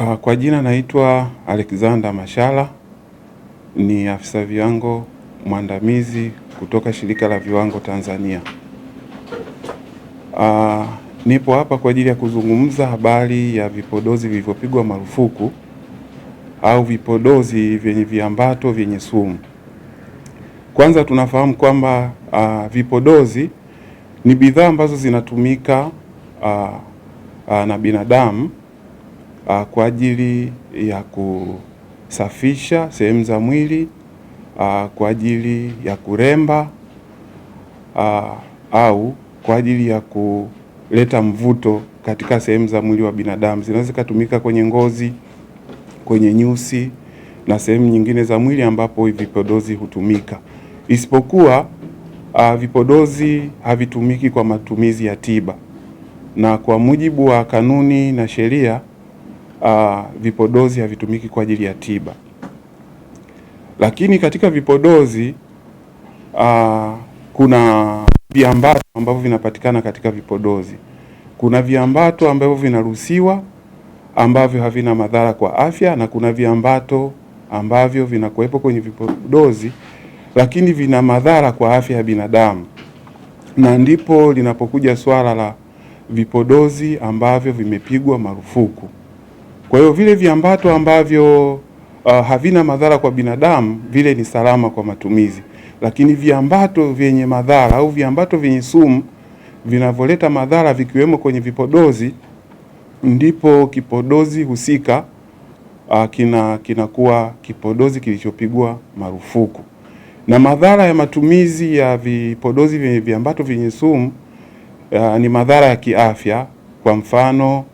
Ah, kwa jina naitwa Alexander Mashala, ni afisa viwango mwandamizi kutoka Shirika la Viwango Tanzania. Uh, nipo hapa kwa ajili ya kuzungumza habari ya vipodozi vilivyopigwa marufuku au vipodozi vyenye viambato vyenye sumu. Kwanza tunafahamu kwamba uh, vipodozi ni bidhaa ambazo zinatumika uh, uh, na binadamu uh, kwa ajili ya kusafisha sehemu za mwili uh, kwa ajili ya kuremba uh, au kwa ajili ya kuleta mvuto katika sehemu za mwili wa binadamu. Zinaweza zikatumika kwenye ngozi, kwenye nyusi na sehemu nyingine za mwili ambapo vipodozi hutumika, isipokuwa uh, vipodozi havitumiki kwa matumizi ya tiba, na kwa mujibu wa kanuni na sheria uh, vipodozi havitumiki kwa ajili ya tiba. Lakini katika vipodozi uh, kuna viambato ambavyo vinapatikana katika vipodozi. Kuna viambato ambavyo vinaruhusiwa ambavyo havina madhara kwa afya, na kuna viambato ambavyo vinakuwepo kwenye vipodozi lakini vina madhara kwa afya ya binadamu, na ndipo linapokuja swala la vipodozi ambavyo vimepigwa marufuku. Kwa hiyo vile viambato ambavyo uh, havina madhara kwa binadamu vile ni salama kwa matumizi, lakini viambato vyenye madhara au viambato vyenye sumu vinavyoleta madhara vikiwemo kwenye vipodozi, ndipo kipodozi husika uh, kina kinakuwa kipodozi kilichopigwa marufuku. Na madhara ya matumizi ya vipodozi vyenye viambato vyenye sumu uh, ni madhara ya kiafya, kwa mfano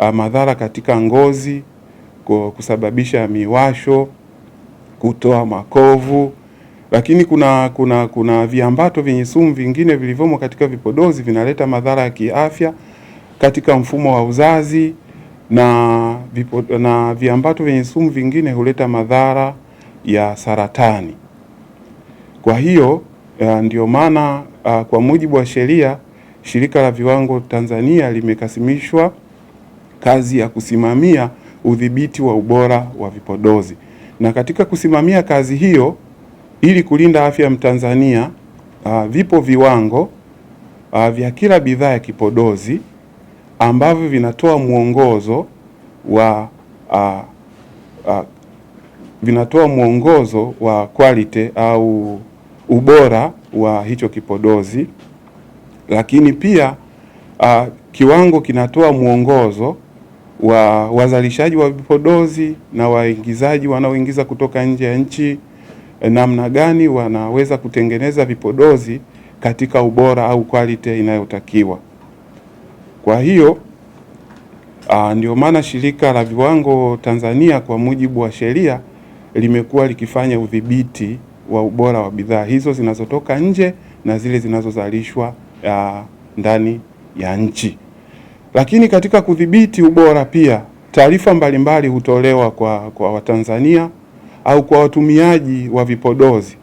Uh, madhara katika ngozi, kusababisha miwasho, kutoa makovu, lakini kuna, kuna, kuna viambato vyenye sumu vingine vilivyomo katika vipodozi vinaleta madhara ya kiafya katika mfumo wa uzazi na, vipo, na viambato vyenye sumu vingine huleta madhara ya saratani. Kwa hiyo uh, ndio maana uh, kwa mujibu wa sheria Shirika la Viwango Tanzania limekasimishwa kazi ya kusimamia udhibiti wa ubora wa vipodozi, na katika kusimamia kazi hiyo ili kulinda afya ya Mtanzania uh, vipo viwango uh, vya kila bidhaa ya kipodozi ambavyo vinatoa mwongozo wa uh, uh, vinatoa mwongozo wa quality au ubora wa hicho kipodozi, lakini pia uh, kiwango kinatoa mwongozo wa wazalishaji wa vipodozi na waingizaji wanaoingiza kutoka nje ya nchi, e, namna gani wanaweza kutengeneza vipodozi katika ubora au quality inayotakiwa. Kwa hiyo ndio maana Shirika la Viwango Tanzania kwa mujibu wa sheria limekuwa likifanya udhibiti wa ubora wa bidhaa hizo zinazotoka nje na zile zinazozalishwa ndani ya nchi. Lakini katika kudhibiti ubora pia taarifa mbalimbali hutolewa kwa, kwa Watanzania au kwa watumiaji wa vipodozi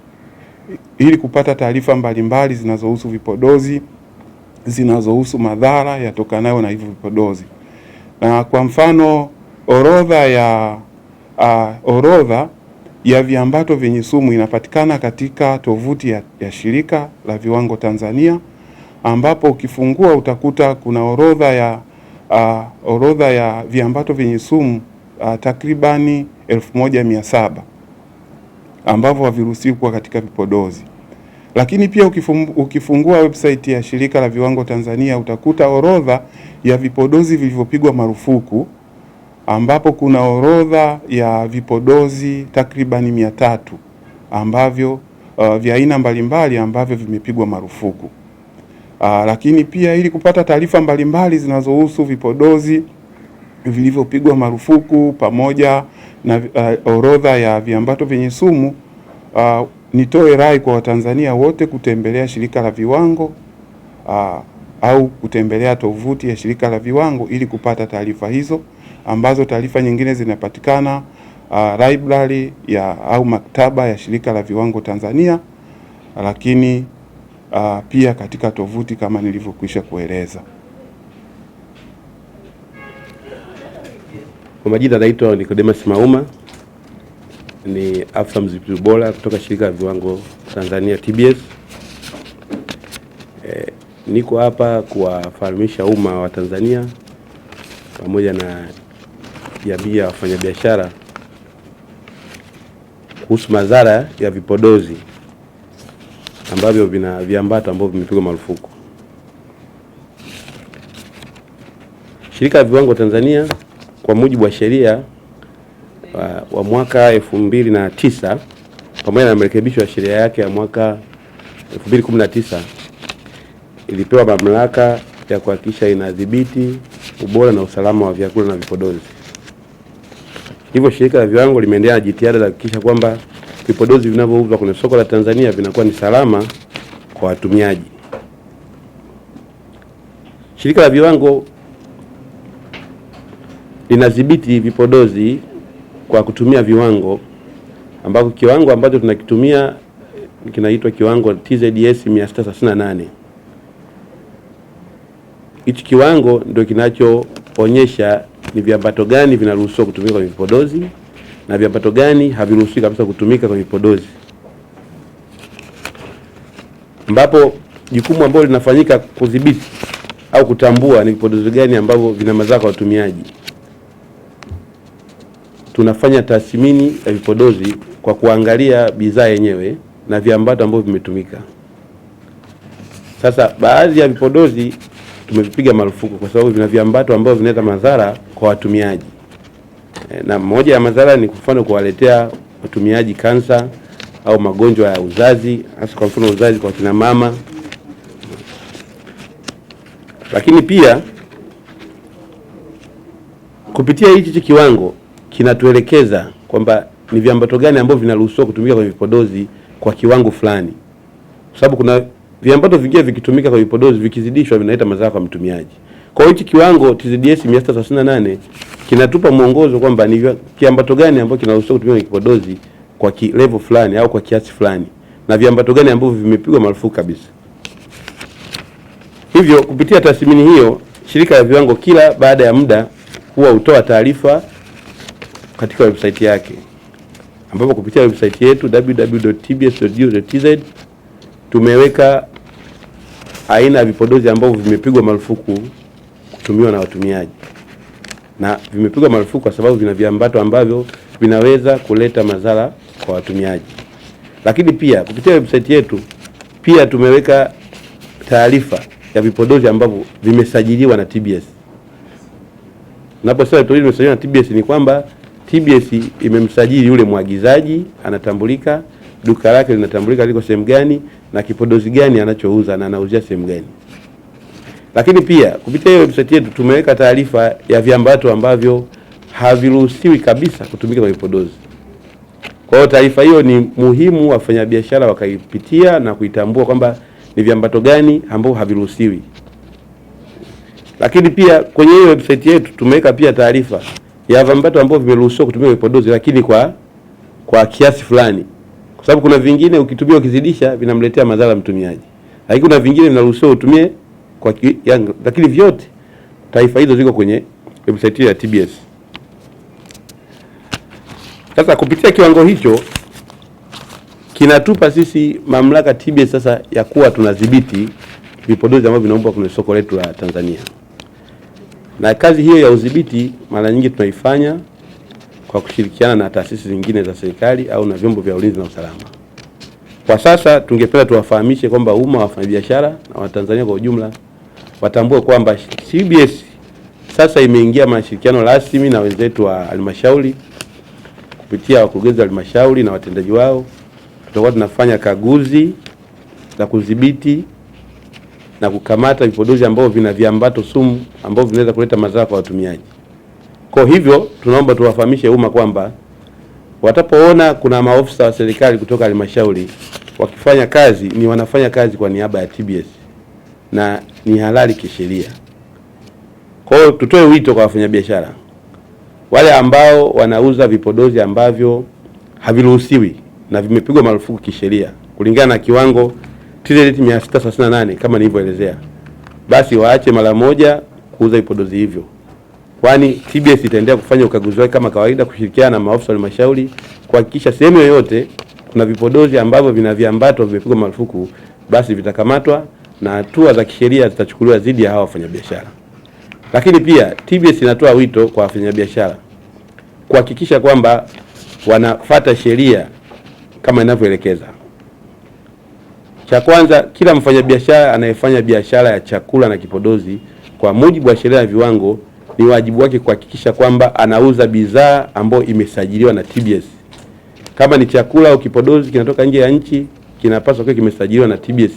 ili kupata taarifa mbalimbali zinazohusu vipodozi, zinazohusu madhara yatokanayo na hivyo vipodozi. Na kwa mfano orodha ya uh, orodha ya viambato vyenye sumu inapatikana katika tovuti ya, ya Shirika la Viwango Tanzania ambapo ukifungua utakuta kuna orodha ya uh, orodha ya viambato vyenye sumu uh, takribani elfu moja mia saba ambavyo haviruhusiwi kuwa katika vipodozi. Lakini pia ukifungua website ya shirika la viwango Tanzania utakuta orodha ya vipodozi vilivyopigwa marufuku ambapo kuna orodha ya vipodozi takribani mia tatu ambavyo uh, vya aina mbalimbali ambavyo vimepigwa marufuku. Aa, ah, lakini pia ili kupata taarifa mbalimbali zinazohusu vipodozi vilivyopigwa marufuku pamoja na uh, orodha ya viambato vyenye sumu uh, nitoe rai kwa Watanzania wote kutembelea shirika la viwango uh, au kutembelea tovuti ya shirika la viwango ili kupata taarifa hizo ambazo taarifa nyingine zinapatikana uh, library ya au maktaba ya shirika la viwango Tanzania, lakini uh, pia katika tovuti kama nilivyokwisha kueleza. Kwa majina naitwa Nicodemus Mauma, ni afisa mzibiti bora kutoka shirika la viwango Tanzania TBS. E, eh, niko hapa kuwafahamisha umma wa Tanzania pamoja na jamii ya wafanyabiashara kuhusu madhara ya vipodozi ambavyo vina viambata ambavyo vimepigwa marufuku. Shirika la Viwango Tanzania kwa mujibu wa sheria wa, uh, wa mwaka elfu mbili na tisa pamoja na marekebisho ya sheria yake ya mwaka 2019 ilipewa mamlaka ya kuhakikisha inadhibiti ubora na usalama wa vyakula na vipodozi. Hivyo shirika la viwango limeendelea na jitihada za kuhakikisha kwamba vipodozi vinavyouzwa kwenye soko la Tanzania vinakuwa ni salama kwa watumiaji. Shirika la viwango linadhibiti vipodozi kwa kutumia viwango ambako kiwango ambacho tunakitumia kinaitwa kiwango TZS 638. Hichi kiwango ndio kinachoonyesha ni viambato gani vinaruhusiwa kutumika kwenye vipodozi na viambato gani haviruhusiwi kabisa kutumika kwenye vipodozi, ambapo jukumu ambalo linafanyika kudhibiti au kutambua ni vipodozi gani ambavyo vina madhara kwa watumiaji. Tunafanya tathmini ya vipodozi kwa kuangalia bidhaa yenyewe na viambato ambavyo vimetumika. Sasa baadhi ya vipodozi tumevipiga marufuku kwa sababu vina viambato ambavyo vinaleta madhara kwa watumiaji. Eh, na moja ya madhara ni kwa mfano kuwaletea watumiaji kansa au magonjwa ya uzazi, hasa kwa mfano uzazi kwa kina mama. Lakini pia kupitia hichi kiwango kinatuelekeza kwamba ni viambato gani ambavyo vinaruhusiwa kutumika kwenye vipodozi kwa kiwango fulani, kwa sababu kuna viambato vingine vikitumika kwa vipodozi vikizidishwa vinaleta madhara kwa mtumiaji. Kwa hiyo hichi kiwango TZDS 638 kinatupa mwongozo kwamba ni kiambato gani ambacho kinaruhusiwa kutumia kipodozi kwa ki level fulani au kwa kiasi fulani na viambato gani ambavyo vimepigwa marufuku kabisa. Hivyo kupitia tathmini hiyo, shirika la viwango kila baada ya muda huwa hutoa taarifa katika website yake, ambapo kupitia website yetu www.tbs.go.tz tumeweka aina ya vipodozi ambavyo vimepigwa marufuku kutumiwa na watumiaji na vimepigwa marufuku kwa sababu vina viambato ambavyo vinaweza kuleta madhara kwa watumiaji. Lakini pia kupitia website yetu pia tumeweka taarifa ya vipodozi ambavyo vimesajiliwa na TBS. Naposema vipodozi vimesajiliwa na TBS ni kwamba TBS imemsajili yule mwagizaji, anatambulika, duka lake linatambulika liko sehemu gani na kipodozi gani anachouza na anauzia sehemu gani. Lakini pia kupitia hiyo website yetu tumeweka taarifa ya viambato ambavyo haviruhusiwi kabisa kutumika kwa vipodozi. Kwa hiyo taarifa hiyo ni muhimu wafanyabiashara wakaipitia na kuitambua kwamba ni viambato gani ambavyo haviruhusiwi. Lakini pia kwenye hiyo website yetu tumeweka pia taarifa ya viambato ambavyo vimeruhusiwa kutumika vipodozi, lakini kwa kwa kiasi fulani, kwa sababu kuna vingine ukitumia ukizidisha vinamletea madhara mtumiaji, lakini kuna vingine vinaruhusiwa utumie kwa Yanga, lakini vyote taarifa hizo ziko kwenye website ya TBS. Sasa kupitia kiwango hicho kinatupa sisi mamlaka TBS sasa ya kuwa tunadhibiti vipodozi ambavyo vinaombwa kwenye soko letu la Tanzania, na kazi hiyo ya udhibiti mara nyingi tunaifanya kwa kushirikiana na taasisi zingine za serikali au na vyombo vya ulinzi na usalama. Kwa sasa tungependa tuwafahamishe kwamba umma, wafanyabiashara na Watanzania kwa ujumla watambue kwamba CBS sasa imeingia mashirikiano rasmi na wenzetu wa halmashauri kupitia wakurugenzi wa halmashauri na watendaji wao. Tutakuwa tunafanya kaguzi za kudhibiti na kukamata vipodozi ambavyo vina viambato sumu ambavyo vinaweza kuleta madhara kwa watumiaji. Kwa hivyo tunaomba tuwafahamishe umma kwamba watapoona kuna maofisa wa serikali kutoka halmashauri wakifanya kazi, ni wanafanya kazi kwa niaba ya TBS na ni halali kisheria. Kwa hiyo tutoe wito kwa wafanyabiashara wale ambao wanauza vipodozi ambavyo haviruhusiwi na vimepigwa marufuku kisheria kulingana na kiwango TRIRET 638 kama nilivyoelezea, basi waache mara moja kuuza vipodozi hivyo, kwani TBS itaendelea kufanya ukaguzi wake kama kawaida, kushirikiana na maafisa wa halmashauri kuhakikisha sehemu yoyote kuna vipodozi ambavyo vina viambato vimepigwa marufuku, basi vitakamatwa na hatua za kisheria zitachukuliwa dhidi ya hawa wafanyabiashara. Lakini pia TBS inatoa wito kwa wafanyabiashara kuhakikisha kwamba wanafata sheria kama inavyoelekeza. Cha kwanza, kila mfanyabiashara anayefanya biashara ya chakula na kipodozi kwa mujibu wa sheria ya viwango, ni wajibu wake kuhakikisha kwamba anauza bidhaa ambayo imesajiliwa na TBS. Kama ni chakula au kipodozi kinatoka nje ya nchi, kinapaswa kuwa kimesajiliwa na TBS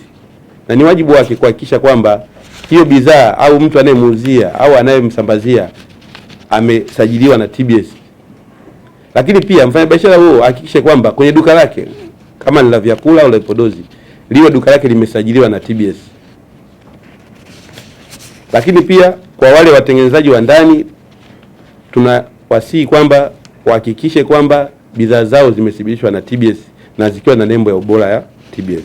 na ni wajibu wake kuhakikisha kwamba hiyo bidhaa au mtu anayemuuzia au anayemsambazia amesajiliwa na TBS. Lakini pia mfanyabiashara huo hakikishe kwamba kwenye duka lake kama ni la vyakula au la vipodozi liwe duka lake limesajiliwa na TBS. Lakini pia kwa wale watengenezaji wa ndani tunawasihi kwamba wahakikishe kwamba bidhaa zao zimethibitishwa na TBS na zikiwa na nembo ya ubora ya TBS.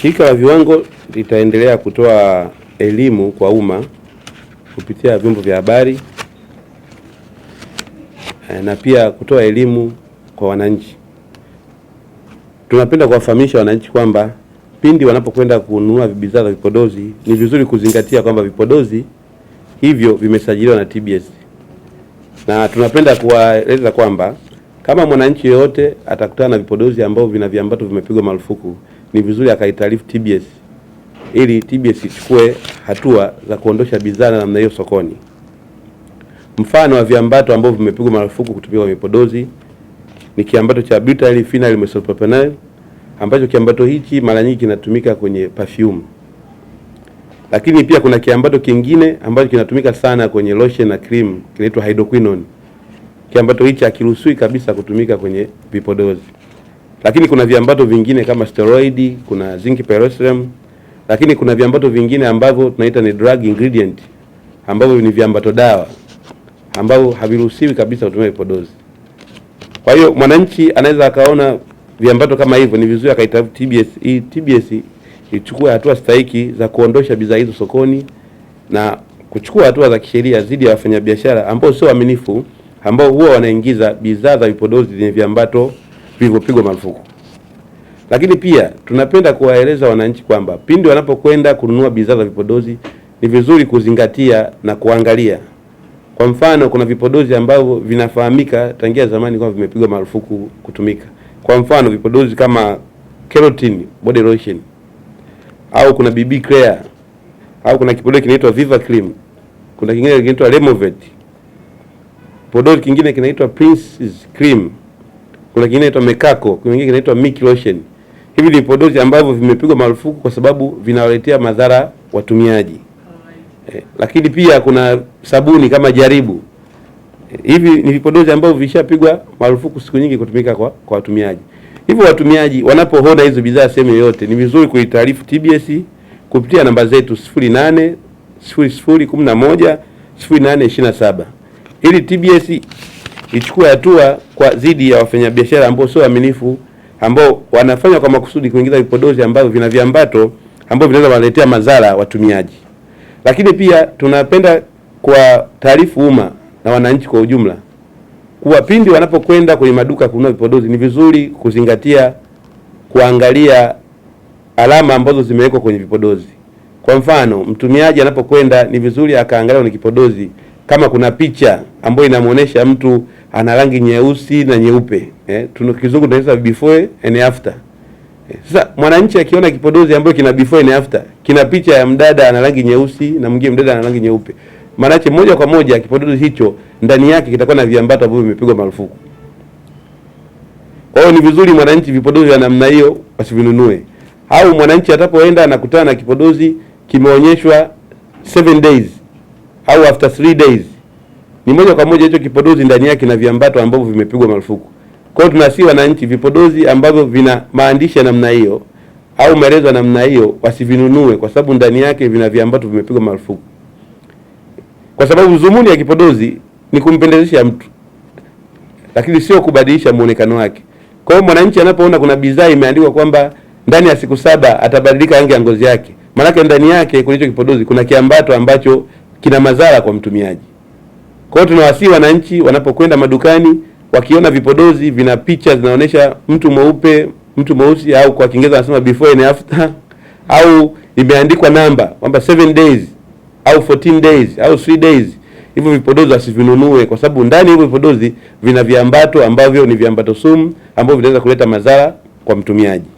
Shirika la Viwango litaendelea kutoa elimu kwa umma kupitia vyombo vya habari eh, na pia kutoa elimu kwa wananchi. Tunapenda kuwafahamisha wananchi kwamba pindi wanapokwenda kununua bidhaa za vipodozi ni vizuri kuzingatia kwamba vipodozi hivyo vimesajiliwa na TBS, na tunapenda kuwaeleza kwamba kama mwananchi yoyote atakutana na vipodozi ambavyo vina viambato vimepigwa marufuku ni vizuri akaitaarifu TBS ili TBS ichukue hatua za kuondosha bidhaa na namna hiyo sokoni. Mfano wa viambato ambavyo vimepigwa marufuku kutumika kwa vipodozi ni kiambato cha butyl phenyl mesylpropanol ambacho kiambato hichi mara nyingi kinatumika kwenye perfume, lakini pia kuna kiambato kingine ambacho kinatumika sana kwenye lotion na cream kinaitwa hydroquinone. Kiambato hichi hakiruhusiwi kabisa kutumika kwenye vipodozi lakini kuna viambato vingine kama steroidi, kuna zinc peroxide, lakini kuna viambato vingine ambavyo tunaita ni drug ingredient ambavyo ni viambato dawa ambavyo haviruhusiwi kabisa kutumia vipodozi. Kwa hiyo mwananchi anaweza akaona viambato kama hivyo ni vizuri akaita TBS, TBS ichukue hatua stahiki za kuondosha bidhaa hizo sokoni na kuchukua hatua za kisheria dhidi ya wafanyabiashara ambao sio waaminifu ambao huwa wanaingiza bidhaa za vipodozi zenye viambato vilivyopigwa marufuku. Lakini pia tunapenda kuwaeleza wananchi kwamba pindi wanapokwenda kununua bidhaa za vipodozi ni vizuri kuzingatia na kuangalia. Kwa mfano, kuna vipodozi ambavyo vinafahamika tangia zamani kwamba vimepigwa marufuku kutumika. Kwa mfano, vipodozi kama Kerotini body lotion au kuna BB Clear au kuna kipodozi kinaitwa Viva Cream, kuna kingine kinaitwa Lemovet, kipodozi kingine kinaitwa Princess Cream kuna kingine inaitwa mekako, kuna kingine kinaitwa milk lotion. Hivi ni vipodozi ambavyo vimepigwa marufuku kwa sababu vinawaletea madhara watumiaji. Eh, lakini pia kuna sabuni kama jaribu. Eh, hivi ni vipodozi ambavyo vishapigwa marufuku siku nyingi kutumika kwa kwa watumiaji. Hivyo watumiaji wanapoona hizo bidhaa sehemu yoyote, ni vizuri kuitaarifu TBS kupitia namba zetu 0800 0011 0827 ili TBS ichukue hatua kwa dhidi ya wafanyabiashara ambao sio waaminifu, ambao wanafanya kwa makusudi kuingiza vipodozi ambavyo vina viambato ambavyo vinaweza kuwaletea madhara watumiaji. Lakini pia tunapenda kwa taarifu umma na wananchi kwa ujumla kuwa pindi wanapokwenda kwenye maduka kununua vipodozi, ni vizuri kuzingatia kuangalia alama ambazo zimewekwa kwenye vipodozi. Kwa mfano, mtumiaji anapokwenda, ni vizuri akaangalia kwenye kipodozi kama kuna picha ambayo inamuonesha mtu ana rangi nyeusi na nyeupe eh, tuna kizungu tunaita before and after eh. Sasa mwananchi akiona kipodozi ambayo kina before and after, kina picha ya mdada ana rangi nyeusi na mwingine mdada ana rangi nyeupe, maanake moja kwa moja kipodozi hicho ndani yake kitakuwa na viambato ambavyo vimepigwa marufuku. Kwa hiyo ni vizuri mwananchi vipodozi vya namna hiyo wasivinunue, au mwananchi atapoenda anakutana na kipodozi kimeonyeshwa 7 days au after 3 days ni moja kwa moja hicho kipodozi ndani yake na viambato ambavyo vimepigwa marufuku. Kwa hiyo tunasii wananchi vipodozi ambavyo vina maandishi ya namna hiyo au maelezo ya namna hiyo wasivinunue, kwa sababu ndani yake vina viambato vimepigwa marufuku, kwa sababu dhumuni ya kipodozi ni kumpendezesha mtu, lakini sio kubadilisha muonekano wake. Kwa hiyo mwananchi anapoona kuna bidhaa imeandikwa kwamba ndani ya siku saba atabadilika rangi ya ngozi yake, maanake ndani yake kulicho kipodozi kuna kiambato ambacho kina madhara kwa mtumiaji. Kwa hiyo tunawasihi wananchi wanapokwenda madukani, wakiona vipodozi vina picha zinaonyesha mtu mweupe, mtu mweusi, au kwa Kiingereza wanasema before and after, au imeandikwa namba kwamba 7 days au 14 days au 3 days, hivyo vipodozi wasivinunue, kwa sababu ndani hivyo vipodozi vina viambato ambavyo ni viambato sumu ambavyo vinaweza kuleta madhara kwa mtumiaji.